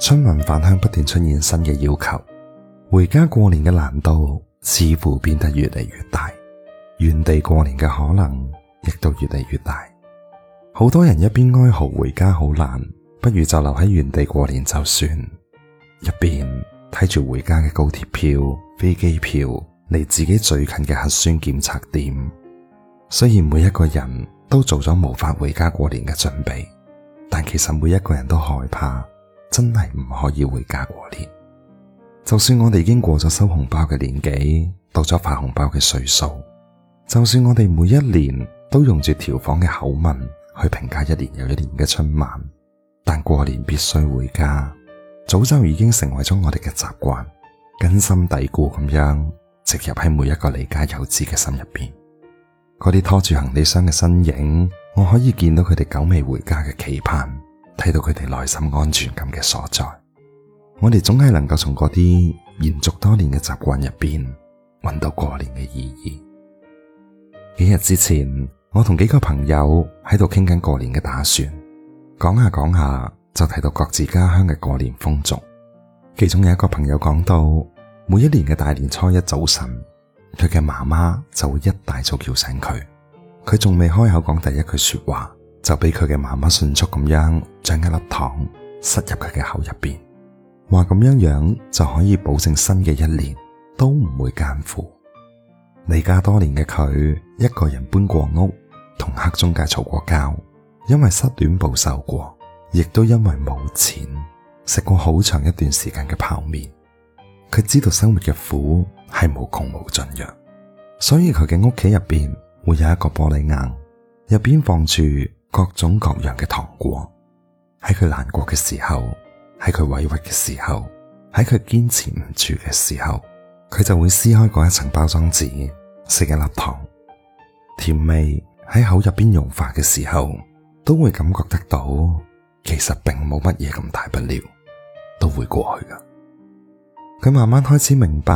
春運返鄉不斷出現新嘅要求，回家過年嘅難度似乎變得越嚟越大，原地過年嘅可能亦都越嚟越大。好多人一邊哀嚎回家好難，不如就留喺原地過年就算。一邊睇住回家嘅高鐵票、飛機票，離自己最近嘅核酸檢測點。雖然每一個人都做咗無法回家過年嘅準備，但其實每一個人都害怕。真係唔可以回家過年，就算我哋已經過咗收紅包嘅年紀，到咗發紅包嘅歲數，就算我哋每一年都用住調房嘅口吻去評價一年又一年嘅春晚，但過年必須回家，早就已經成為咗我哋嘅習慣，根深蒂固咁樣植入喺每一個離家遊子嘅心入邊。嗰啲拖住行李箱嘅身影，我可以見到佢哋久未回家嘅期盼。睇到佢哋內心安全感嘅所在，我哋總係能夠從嗰啲延續多年嘅習慣入邊，搵到過年嘅意義。幾日之前，我同幾個朋友喺度傾緊過年嘅打算，講下講下就提到各自家鄉嘅過年風俗。其中有一個朋友講到，每一年嘅大年初一早晨，佢嘅媽媽就會一大早叫醒佢，佢仲未開口講第一句說話，就俾佢嘅媽媽迅速咁樣將一粒糖塞入佢嘅口入邊，話咁樣樣就可以保證新嘅一年都唔會艱苦。離家多年嘅佢，一個人搬過屋，同黑中介吵過交，因為失戀暴瘦過，亦都因為冇錢食過好長一段時間嘅泡麵。佢知道生活嘅苦係無窮無盡嘅，所以佢嘅屋企入邊會有一個玻璃硬，入邊放住，各種各樣嘅糖果，喺佢難過嘅時候，喺佢委屈嘅時候，喺佢堅持唔住嘅時候，佢就會撕開嗰一層包裝紙，食一粒糖，甜味喺口入邊融化嘅時候，都會感覺得到，其實並冇乜嘢咁大不了，都會過去噶。佢慢慢開始明白，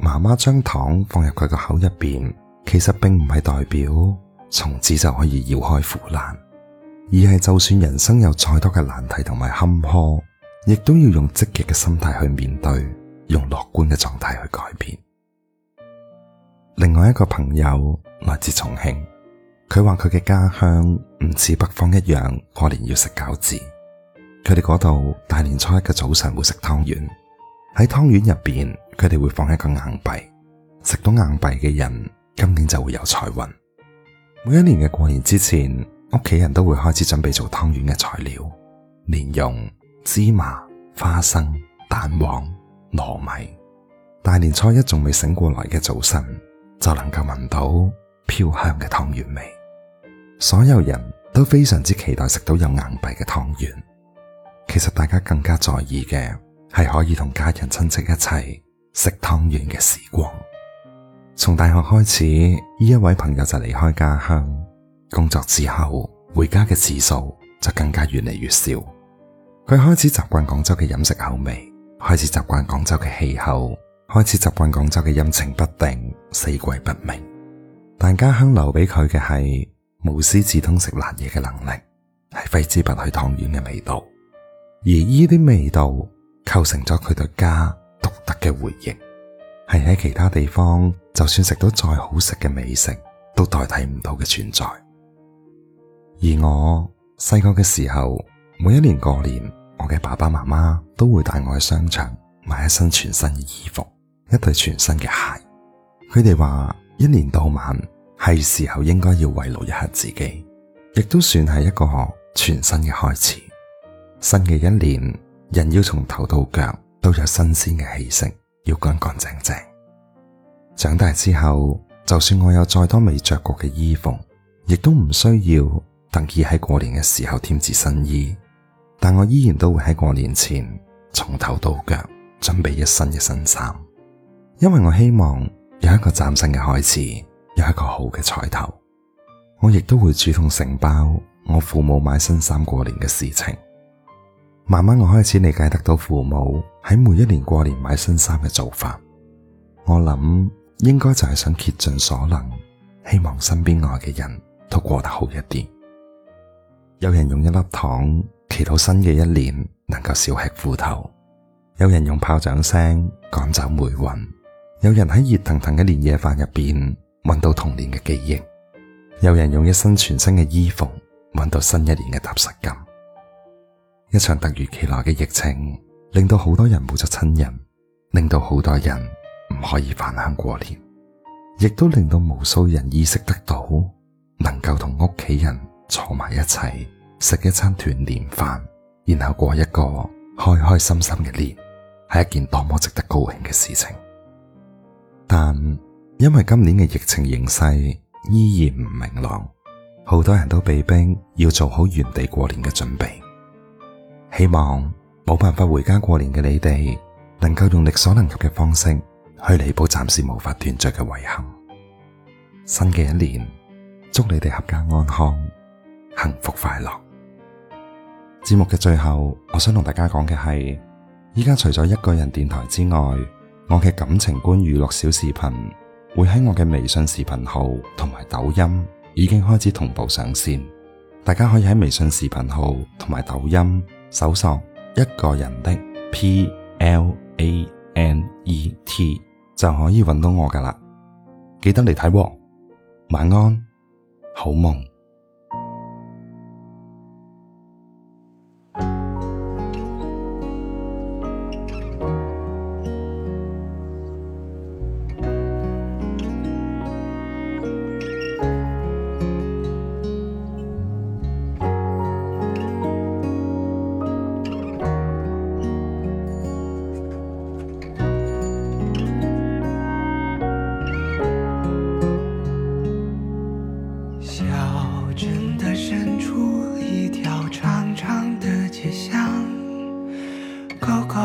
媽媽將糖放入佢個口入邊，其實並唔係代表從此就可以繞開苦難。而係，就算人生有再多嘅難題同埋坎坷，亦都要用積極嘅心態去面對，用樂觀嘅狀態去改變。另外一個朋友來自重慶，佢話佢嘅家鄉唔似北方一樣過年要食餃子，佢哋嗰度大年初一嘅早上會食湯圓，喺湯圓入邊佢哋會放一個硬幣，食到硬幣嘅人今年就會有財運。每一年嘅過年之前，屋企人都會開始準備做湯圓嘅材料，蓮蓉、芝麻、花生、蛋黃、糯米。大年初一仲未醒過來嘅早晨，就能夠聞到飄香嘅湯圓味。所有人都非常之期待食到有硬幣嘅湯圓。其實大家更加在意嘅係可以同家人親戚一齊食湯圓嘅時光。從大學開始，呢一位朋友就離開家鄉。工作之後，回家嘅次數就更加越嚟越少。佢開始習慣廣州嘅飲食口味，開始習慣廣州嘅氣候，開始習慣廣州嘅陰晴不定、四季不明。但家鄉留俾佢嘅係無師自通食辣嘢嘅能力，係揮之不去湯圓嘅味道。而呢啲味道構成咗佢對家獨特嘅回憶，係喺其他地方就算食到再好食嘅美食都代替唔到嘅存在。而我細個嘅時候，每一年過年，我嘅爸爸媽媽都會帶我去商場買一身全新嘅衣服，一對全新嘅鞋。佢哋話，一年到晚係時候應該要慰勞一下自己，亦都算係一個全新嘅開始。新嘅一年，人要從頭到腳都有新鮮嘅氣息，要乾乾淨淨。長大之後，就算我有再多未着過嘅衣服，亦都唔需要。等佢喺過年嘅時候添置新衣，但我依然都會喺過年前從頭到腳準備一身嘅新衫，因為我希望有一個嶄新嘅開始，有一個好嘅彩頭。我亦都會主動承包我父母買新衫過年嘅事情。慢慢我開始理解得到父母喺每一年過年買新衫嘅做法，我諗應該就係想竭盡所能，希望身邊愛嘅人都過得好一啲。有人用一粒糖祈禱新嘅一年能夠少吃苦頭；有人用炮仗聲趕走霉運；有人喺熱騰騰嘅年夜飯入邊揾到童年嘅記憶；有人用一身全新嘅衣服揾到新一年嘅踏實感。一場突如其來嘅疫情，令到好多人冇咗親人，令到好多人唔可以返鄉過年，亦都令到無數人意識得到，能夠同屋企人。坐埋一齊食一餐團年飯，然後過一個開開心心嘅年，係一件多麼值得高興嘅事情。但因為今年嘅疫情形勢依然唔明朗，好多人都被逼要做好原地過年嘅準備。希望冇辦法回家過年嘅你哋，能夠用力所能及嘅方式去彌補暫時無法團聚嘅遺憾。新嘅一年，祝你哋合家安康。幸福快樂。節目嘅最後，我想同大家講嘅係，依家除咗一個人電台之外，我嘅感情觀娛樂小視頻會喺我嘅微信視頻號同埋抖音已經開始同步上線，大家可以喺微信視頻號同埋抖音搜索一個人的 P L A N E T 就可以揾到我噶啦。記得嚟睇喎，晚安，好夢。